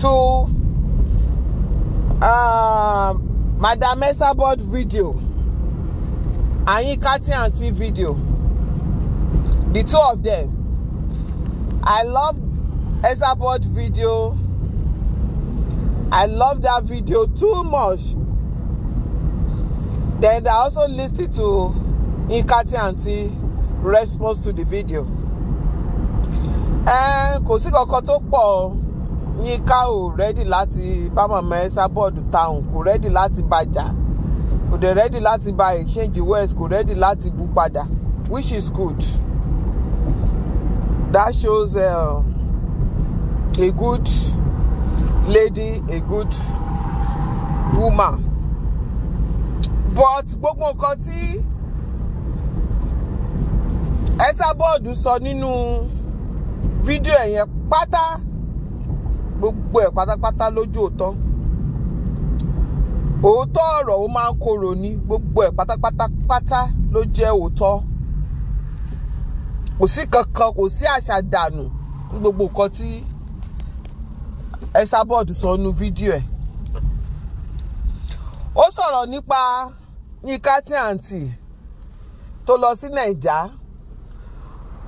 to um, Madam Esabod video, Ayinka Aunty video, the two of them. I love Esabod video. I love that video too much. Then I also listened to Inkati Aunty response to the video. Ẹ eh, kò sí kankan tó pọ̀ o. Yínká ò rẹ́dì láti bá Mama Esabod táwọn kò rẹ́dì láti bàjà kò dẹ̀ rẹ́dì láti ba exchange west kò rẹ́dì láti bu padà which is good that shows uh, a good lady a good woman but gbogbo nǹkan tí Esabod sọ nínú fídíò yẹn pátá. gbogbo ẹ pátápátá lójú òótọ́ òótọ́ ọrọ ó máa ń korò ní gbogbo ẹ pátápátá pátá ló jẹ́ òótọ́ kò sí kankan kò sí àṣà dànù ní gbogbo nǹkan tí Esabod sọ nu fídíò ẹ ó sọrọ nípa Yínká Àtíàntì tó lọ sí Nàìjá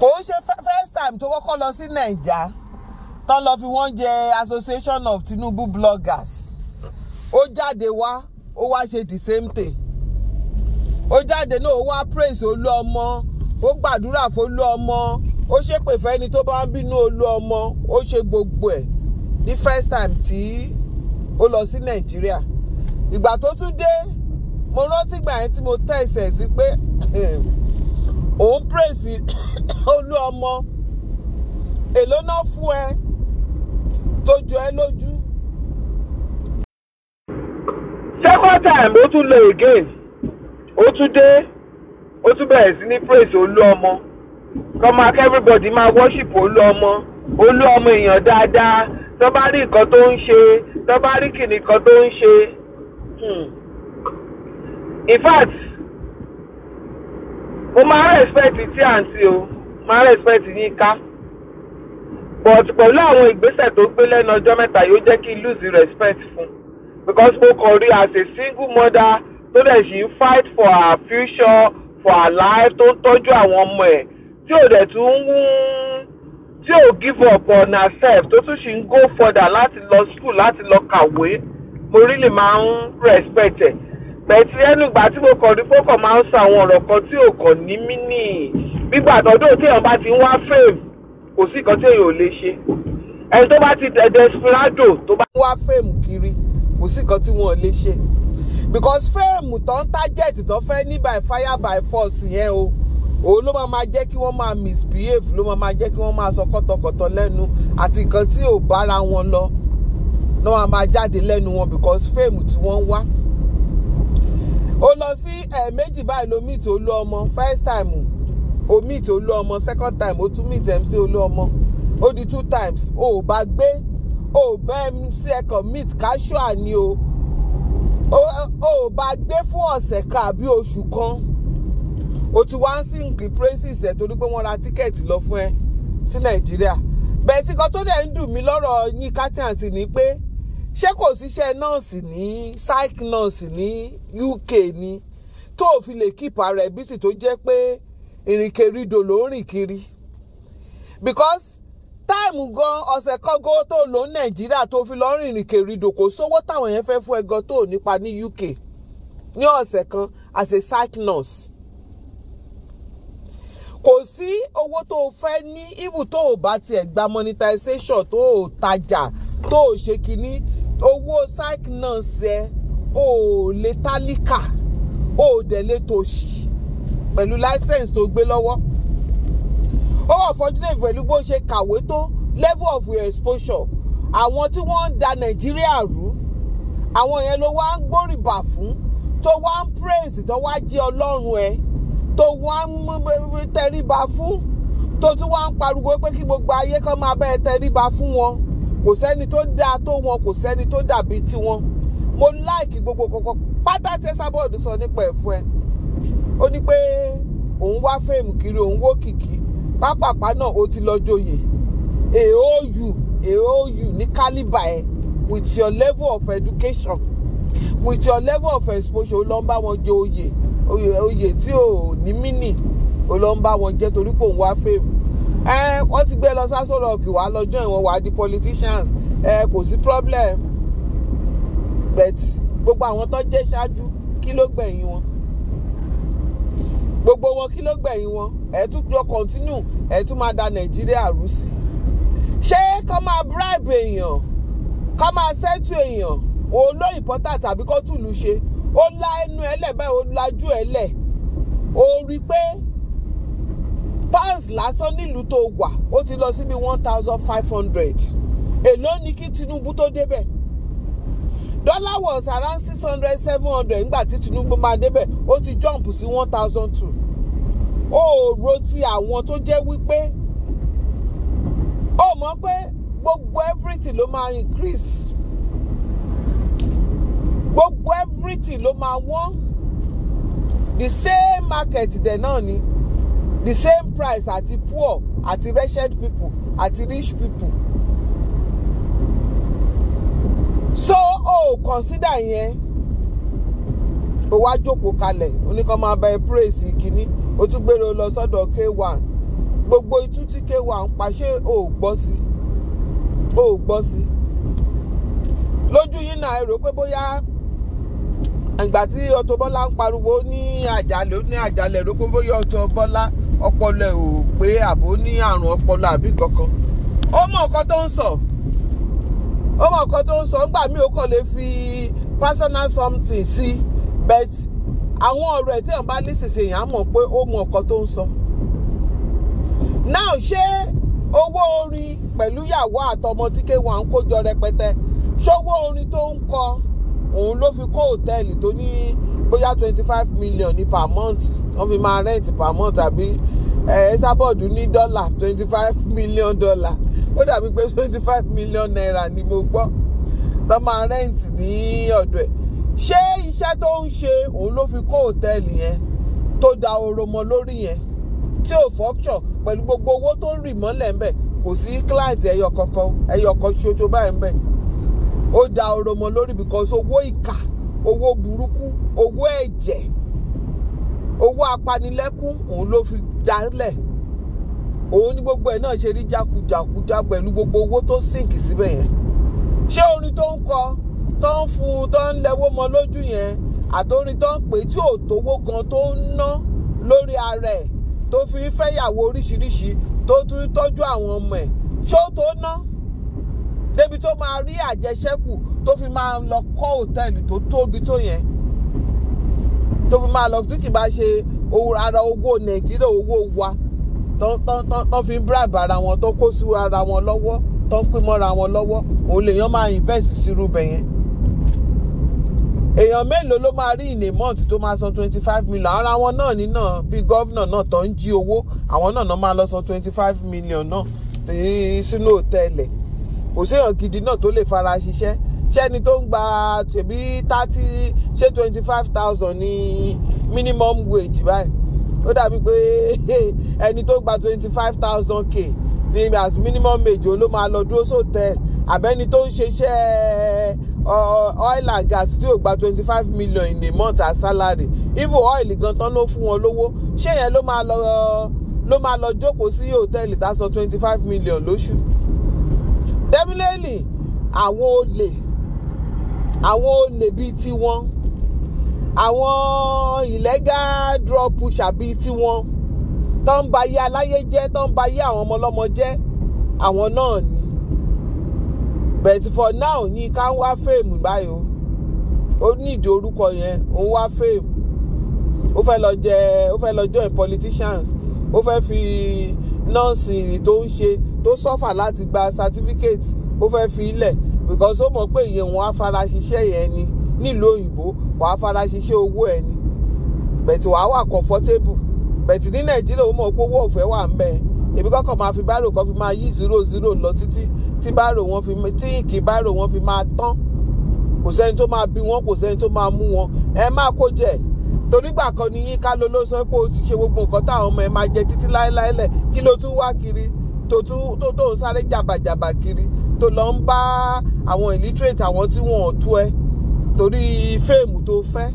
kò ń ṣe first time tó kọkọ lọ sí tán lọ fi wọ́n jẹ association of Tinubu bloggers ó jáde wá ó wá ṣe the same thing ó jáde náà ó wá praise olú ọmọ ó gbàdúrà fólú ọmọ ó ṣépè fẹ́ni tó bá ń bínú olú ọmọ ó ṣe gbogbo ẹ̀ ní first time tí ó lọ sí Nàìjíríà ìgbà tó tún dé mo rántí ìgbà yẹn tí mo tẹ̀sẹ̀ sí pé òun praise olú ọmọ èló náà fún ẹ tó jọ ẹ́ lójú. second time ó tún lọ again ó tún dé ó tún bẹ̀rẹ̀ sí ní praise olú ọmọ back, everybody máa worship olú ọmọ olú ọmọ èèyàn dáadáa tó bá rí nǹkan tó ń ṣe tó bá rí kìnnì kan tó ń ṣe. Hmm. in fact mo máa respect tí àǹtí o máa respect yín ká but pẹ̀lú àwọn ìgbésẹ̀ tó gbé lẹ́nu ọjọ́ mẹ́ta yóò jẹ́ kí lose respect fún because mo kàn rí as a single mother tó dẹ̀ sì ń fight for her future for her life tó ń tọ́jú àwọn ọmọ ẹ̀ tí ò dẹ̀ tún ń tí ò give up on herself tó tún sì ń go further láti lọ school láti lọ kàwé mo really máa ń respect ẹ̀ pẹ̀tí ẹnu ìgbà tí mo kàn rí fọ́kàn máa ń sọ àwọn ọ̀rọ̀ kan tí ò kàn ní mí nìyí gbígbà tọdún tí èèyàn bá ti ń wá fèèmù kò sí nǹkan tí èèyàn ò lè ṣe ẹni tó bá ti tẹ̀ desperado tó bá. wá fẹ́ẹ̀mù kiri kò sí nǹkan tí wọ́n ò lè ṣe because fẹ́ẹ̀mù tó ń target tó fẹ́ ní by fire by force yẹn o òun ló máa máa jẹ́ kí wọ́n máa misbehave ló máa máa jẹ́ kí wọ́n máa sọ kọ́tọkọ́tọ lẹ́nu àti nǹkan tí ò bára wọn lọ ló máa máa jáde lẹ́nu wọn because fẹ́ẹ̀mù tí wọ́n ń wá ó lọ sí ẹ̀ẹ̀mejì eh, báyìí lómi tó lọ ọmọ first time o meet olúọmọ second time o tún meet mc olúọmọ ó di two times o ò bá gbé o ò bá mc ẹ̀kan meet casual ni o o ò bá gbé fún ọ̀sẹ̀ kan àbí oṣù kan o ti wá ń sìnkì praises ẹ̀ torí pé wọ́n ra tíkẹ́ẹ̀tì lọ fún ẹ sí nàìjíríà bẹ́ẹ̀ tí kan tó dẹ̀ ń dùn mí lọ́rọ̀ yín kátìǹtì ni pé ṣé kò síṣẹ́ nọ́ọ̀sì ní psych nọ́ọ̀sì ní UK ni tó o fi lè kíp ara ẹ̀ bí sì tó jẹ́ pé ìrìnkèrindò ló ń rìn kiri because táìmù gan ọ̀sẹ̀ kan gan tó lò ní nàìjíríà tó fi lọ́ọ́ rìn ìrìnkèrindò kò sówó táwọn yẹn fẹ́ fún ẹ gan tó nípa ní UK ní ọ̀sẹ̀ kan as a site nurse kò sí owó tó o fẹ́ ní ibù tó o bá tiẹ̀ gba monetization tó o tajà tó o ṣe kínní owó site nurse ẹ o ò lè tálíkà o ò dẹ̀ lè tòṣì pẹ̀lú license tó gbé lọ́wọ́ ó unfortunate pẹ̀lú bó ṣe kàwé tó level of exposure àwọn tí wọ́n ń da nàìjíríà rú àwọn yẹn ló wá ń gbóríbà fún tó wá ń praise tó wá jẹ́ ọlọ́run ẹ̀ tó wá ń tẹríba fún tó tún wá ń pariwo pé kí gbogbo ayé kan máa bẹ́ẹ̀ tẹríba fún wọn kò sẹ́ni tó dáa tó wọn kò sẹ́ni tó dàbí tiwọn mo láìkì gbogbo kọ̀ọ̀kan pátá tẹ́sábọ́ọ̀dù sọ nípa ẹ̀fọ́ ẹ̀ ó ní pé òun wá fèmù kiri òun wó kìkì pápápá náà ó ti lọ joyè èóyù èóyù ní kálíbà ẹ with your level of education with your level of exposure ó lọ ń bá wọn jẹ oyè oyè tí ò ní mínì ó lọ ń bá wọn jẹ torí pé òun wá fèmù ẹ wọ́n ti gbé lọ sásọ rọọkì wá lọ́jọ́ ìwọ̀n wá di politicians ẹ kò sí problem but gbogbo àwọn tó jẹ́ ṣáájú kí ló gbẹ̀yìn wọn gbogbo wọn kí ló gbẹ̀yìn wọn ẹ tún jọ kọ́ntínú ẹ tún máa da nàìjíríà rú sí ṣé kọ́ máa bribe èèyàn kọ́ máa sẹ́tù èèyàn òun ló important tàbí kó tùlù ṣe ó la ẹnu ẹ lẹ̀ báyìí ó lajú ẹ lẹ̀ ó rí i pé pounds lásán nílùú tó wà ó ti lọ síbi one thousand five hundred èló ni kí Tinubu tó débẹ̀ dollar was around six hundred seven hundred nígbà tí Tinubu máa débẹ̀ ó ti jump sí one thousand two ó ro ti àwọn tó jẹ́ wípé ó mọ̀ pé gbogbo everything ló máa increase gbogbo everything ló máa wọ́n the same market dẹ̀ náà ni the same price àti poor àti wretched people àti rich people so o oh, consider yẹn o wá jókòó kalẹ̀ oníkan máa bá ẹ praise kínní o tún gbèrò lọ sọ́dọ̀ k1 gbogbo itú tí k1 ń pa ṣé o ò gbọ́ sí o ò gbọ́ sí lójú yín náà ẹ rò pé bóyá ìgbà tí Auto Bola ń pariwo ní àjálẹ̀ ní àjálẹ̀ rò pé bóyá Auto Bola ọpọlọ ò pé àbó ní àrùn ọpọlọ àbí kankan ó mọ nǹkan tó ń sọ. So ó mọ̀ kan tó ń sọ ńgbà mí ò kàn lè fi personal something sí but àwọn ọ̀rọ̀ ẹ̀ tí èèyàn bá lè ṣèṣe èèyàn á mọ̀ pé ó mọ̀ kan tó ń sọ. now ṣé owó orin pẹ̀lú ìyàwó àtọmọ tí kéwà ń kójọ rẹpẹtẹ ṣówó orin tó ń kọ òun ló fi kó hòtẹ́ẹ̀lì tó ní bóyá twenty five million ní per month wọ́n fi máa rent per month àbí ẹ̀ ẹ́ sábọ̀dù ní dọ́là twenty five million dollar ó dàbí pé twenty five million naira ni mo gbọ́ tó máa rẹ́ǹtì ní ọ̀dọ̀ ẹ̀ ṣé iṣẹ́ tó ń ṣe òun ló fi kó òtẹ́ẹ̀lì yẹn tó da oró mọ́ lórí yẹn tí ò fọ́kṣọ̀ pẹ̀lú gbogbo owó tó ń rì mọ́lẹ̀ ń bẹ̀ kò sí kíláàtì ẹyọ kankan ẹyọ kan ṣoṣo báyìí ń bẹ̀ ó da oró mọ́ lórí because owó ìkà owó burúkú owó ẹ̀jẹ̀ owó apanilẹ́kún òun ló fi dálẹ̀ òun ní gbogbo ẹ̀ náà ṣe rí jákujàkujà pẹ̀lú gbogbo owó tó sínkì síbẹ̀ yẹn ṣé orin tó ń kọ tó ń fún tó ń lẹ́wọ́ mọ lójú yẹn àtòrin tó ń pè tí ò tówó gan tó ń ná lórí ara ẹ̀ tó fi ń fẹ́yàwó oríṣiríṣi tó tún ń tọ́jú àwọn ọmọ ẹ̀ ṣé ó tó ná débi tó máa rí àjẹṣẹ́kù tó fi máa lọ kọ́ òtẹ́ẹ̀lì tó tóbi tó yẹn tó fi máa lọ tí kì bá ṣe ara owó nàìjíríà owó wa tó fi bribe ara wọn tó kó sí ara wọn lọ́wọ́ tó ń pín mọ́ra wọn lọ́wọ́ òun lèèyàn máa invest sírú bẹ̀ yẹn èèyàn mélòó ló máa rí in a month tó máa san twenty five million ara wọn náà nínà bí gọ́vnà náà tó ń jí owó àwọn náà náà máa lọ san twenty five million náà eh, sínú òtẹ́ẹ̀lì òṣèyàn gidi náà tó lè fara ṣiṣẹ́ ṣẹ́ni tó ń gba tèbí thirty ṣé twenty five thousand ní minimum wage báyìí ó dàbí pé ẹni tó gba twenty five thousand k ní as minimum wage ló máa lọ dúró sóòtẹ́ẹ̀lì àbẹ́ni tó ń ṣeṣẹ́ oil and gas tí ò gba twenty five million in a month as salary even oil gan tán ló fún wọn lówó ṣé yẹn ló máa lọ ló máa lọ jókòó sí hòtẹ́ẹ̀lì tá a san twenty five million lóṣù definitely àwọn olè àwọn olè bíi tiwọn àwọn illegal drug pusher bíi tiwọn tó ń ba ayé aláyé jẹ́ tó ń ba ayé àwọn ọmọ ọlọ́mọ jẹ́ àwọn náà ni but for now ni ká ń wá fèèmù báyìí o ó ní ìdí orúkọ yẹn ó ń wá fèèmù ó fẹ́ lọ jẹ ó fẹ́ lọ join politicians ó fẹ́ fi nọ́ọ̀sì tó ń ṣe tó sọ́fà láti gba certificate ó fẹ́ fi ilẹ̀ because ó mọ̀ pé ìyẹn wọn á fara ṣiṣẹ́ yẹn ni nílùú òyìnbó wàá fara ṣiṣẹ́ owó ẹ ni bẹ̀tì wàá wà comfortable bẹ̀tì ní nàìjíríà ó mọ̀ pé owó ọ̀fẹ́ wà ń bẹ èmi kọ́kọ́ máa fi bárò kan fi máa yí zero zero lọ títí tí bárò wọn fi tí ìkì bárò wọn fi máa tán kò sẹ́ni tó máa bí wọn kò sẹ́ni tó máa mú wọn ẹ máa kó jẹ tonígbà kan ni yín ká ló ló sọ pé o ti ṣe gbogbo nǹkan táwọn ọmọ ẹ máa jẹ títí láéláé lẹ kí ló tún wá kiri tó tún tó tó ń sáré jàbàjàbà kiri tó lọ ń bá àwọn illiterate àwọn tí wọn ò tó ẹ torí fíìmù tó fẹ́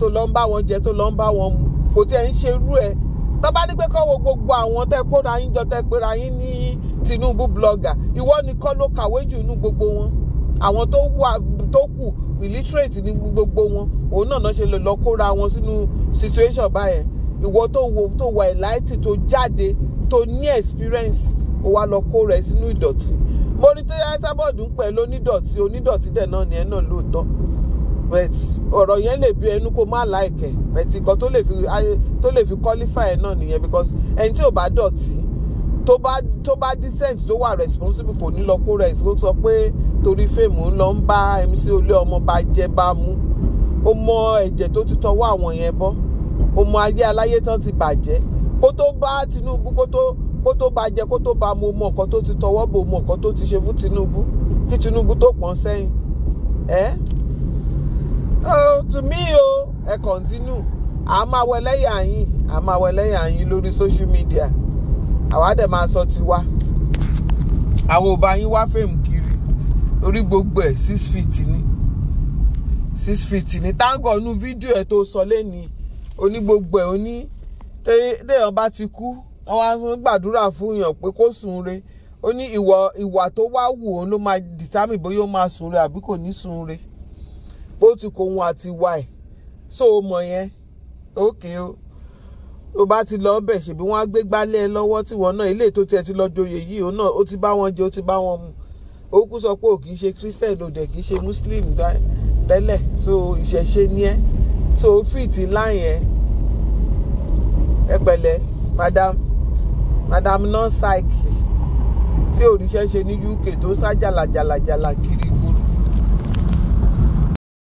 tó lọ ń bá wọn jẹ tó lọ ń bá wọn mu kò tiẹ̀ ń ṣerú ẹ̀ tó bá ní pé kọ́ wo gbogbo àwọn tẹ́ kóra yín jọ tẹ́ pera yín ní Tinubu blogger ìwọ nìkan ló kàwé jù nú gbogbo wọn àwọn tó wà tó kù illiterate ní gbogbo wọn òun náà náà ṣe lè lọ kóra wọn sínú situation báyẹn ìwọ tó wo tó wà enlightened tó jáde tó ní experience ó wá lọ kó rẹ sínú ìdọ̀tí mo ní tí Esabod ń pẹ̀ lónídọ̀tí onídọ̀tí dẹ̀ náà ni ẹ náà lóòótọ́ but ọ̀rọ̀ yẹn lè bí ẹnu kó má láìkẹ̀ but nǹkan tó lè fi tó lè fi qualify ẹ̀ náà nìyẹn because ẹni tí ò bá dọ̀tí tó bá tó bá decent tó wà responsible kò ní lọ kó rẹ̀ ìṣòro sọ pé torí fèmù ń lọ ń bá MC olé ọmọ bá jẹ́ bá mú ó mọ ẹ̀jẹ̀ tó ti tọwọ́ àwọn yẹn bọ́ ó mọ ayé aláyé tán ti bàjẹ́ kó tó bá Tinubu kó tó kó tó bá jẹ kó tó bá mu mọ nǹkan tó ti tọwọ́ bò mọ nǹkan tó ti ṣe fún Tinubu kí Tinubu tó pọ́n sẹ́yìn eh? oh, to me o ẹ kọ̀ntínú à máa wẹ lẹ́yìn àyín a máa wẹ lẹ́yìn àyín lórí social media àwa dẹ̀ máa sọ tiwa àwọn ò bá yín wá fèmù kiri orí gbogbo ẹ̀ six feet ni six feet ni táǹgọ̀ nu fídíò ẹ̀ tó sọ lẹ́ni oní gbogbo ẹ̀ oní téèyàn bá ti kú wọ́n wá ń gbàdúrà fún yàn pé kó sùn re ó ní ìwà tó wá wù òun ló máa dìtámì bóyá ó máa sùn re àbí kò ní sùn re pé ó àti wà ẹ̀ so o mọ̀ yẹn ókè o o bá ti lọ bẹ̀ ṣèbí wọ́n á gbé gbálẹ̀ ẹ lọ́wọ́ tí wọ́n náà ilé tó tiẹ̀ ti lọ joyè yìí òun náà ó ti bá wọn jẹ ó ti bá wọn mu ó sọ pé ò kì í ṣe christian ò dẹ̀ kì í ṣe muslim tẹ́lẹ̀ so ìṣẹ̀ṣe ni ẹ́ so ó fìtì láyìn ẹ ẹ madam madam non-psyche tí òrìṣẹ́ ṣe ní UK tó sá jàlàjàlàjàlà kiri